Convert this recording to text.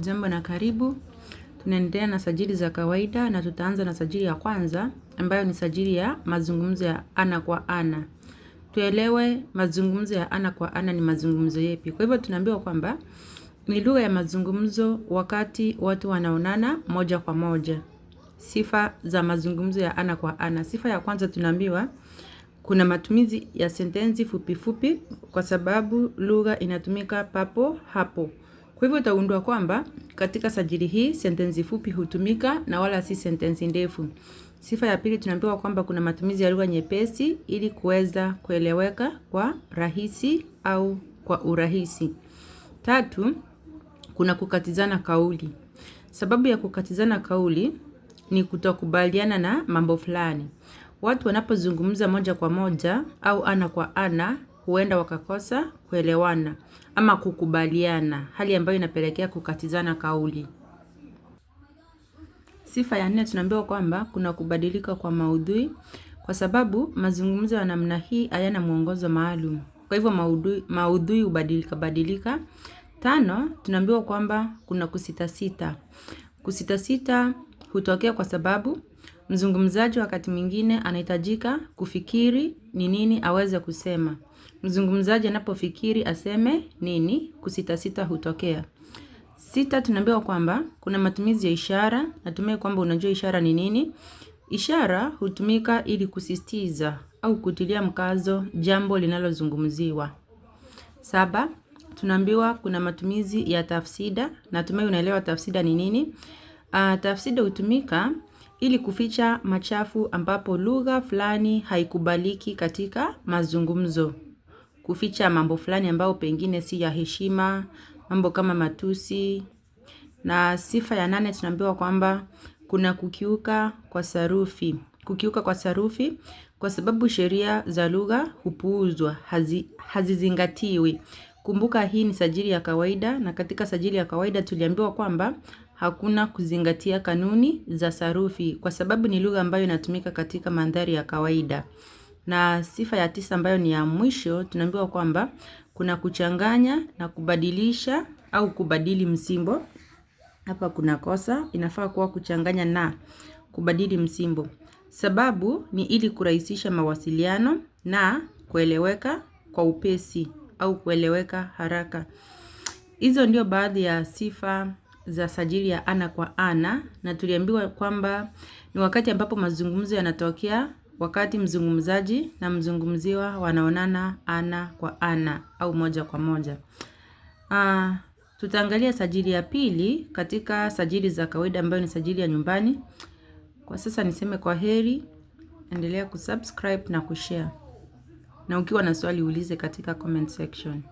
jambo na karibu. Tunaendelea na sajili za kawaida na tutaanza na sajili ya kwanza ambayo ni sajili ya mazungumzo ya ana kwa ana. Tuelewe mazungumzo ya ana kwa ana ni mazungumzo yepi? Kwa hivyo tunaambiwa kwamba ni lugha ya mazungumzo wakati watu wanaonana moja kwa moja. Sifa za mazungumzo ya ana kwa ana. Sifa ya kwanza tunaambiwa kuna matumizi ya sentensi fupi fupi kwa sababu lugha inatumika papo hapo. Kwa hivyo utagundua kwamba katika sajili hii sentensi fupi hutumika na wala si sentensi ndefu. Sifa ya pili tunaambiwa kwamba kuna matumizi ya lugha nyepesi ili kuweza kueleweka kwa rahisi au kwa urahisi. Tatu, kuna kukatizana kauli. Sababu ya kukatizana kauli ni kutokubaliana na mambo fulani. Watu wanapozungumza moja kwa moja au ana kwa ana huenda wakakosa kuelewana ama kukubaliana, hali ambayo inapelekea kukatizana kauli. Sifa ya nne tunaambiwa kwamba kuna kubadilika kwa maudhui, kwa sababu mazungumzo ya namna hii hayana mwongozo maalum, kwa hivyo maudhui maudhui hubadilika badilika. Tano, tunaambiwa kwamba kuna kusitasita. Kusitasita hutokea kwa sababu Mzungumzaji wakati mwingine anahitajika kufikiri ni nini aweze kusema. Mzungumzaji anapofikiri aseme nini, kusitasita hutokea. Sita, tunaambiwa kwamba kuna matumizi ya ishara. Natumai kwamba unajua ishara ni nini. Ishara hutumika ili kusisitiza au kutilia mkazo jambo linalozungumziwa. Saba, tunaambiwa kuna matumizi ya tafsida. Natumai unaelewa tafsida ni nini. Uh, tafsida hutumika ili kuficha machafu ambapo lugha fulani haikubaliki katika mazungumzo. Kuficha mambo fulani ambayo pengine si ya heshima, mambo kama matusi. Na sifa ya nane tunaambiwa kwamba kuna kukiuka kwa sarufi. Kukiuka kwa sarufi kwa sababu sheria za lugha hupuuzwa, hazizingatiwi. Kumbuka hii ni sajili ya kawaida na katika sajili ya kawaida tuliambiwa kwamba hakuna kuzingatia kanuni za sarufi kwa sababu ni lugha ambayo inatumika katika mandhari ya kawaida. Na sifa ya tisa ambayo ni ya mwisho, tunaambiwa kwamba kuna kuchanganya na kubadilisha au kubadili msimbo. Hapa kuna kosa, inafaa kuwa kuchanganya na kubadili msimbo. Sababu ni ili kurahisisha mawasiliano na kueleweka kwa upesi au kueleweka haraka. Hizo ndio baadhi ya sifa za sajili ya ana kwa ana, na tuliambiwa kwamba ni wakati ambapo mazungumzo yanatokea wakati mzungumzaji na mzungumziwa wanaonana ana kwa ana au moja kwa moja. Aa, ah, tutaangalia sajili ya pili katika sajili za kawaida ambayo ni sajili ya nyumbani. Kwa sasa niseme kwa heri, endelea kusubscribe na kushare, na ukiwa na swali ulize katika comment section.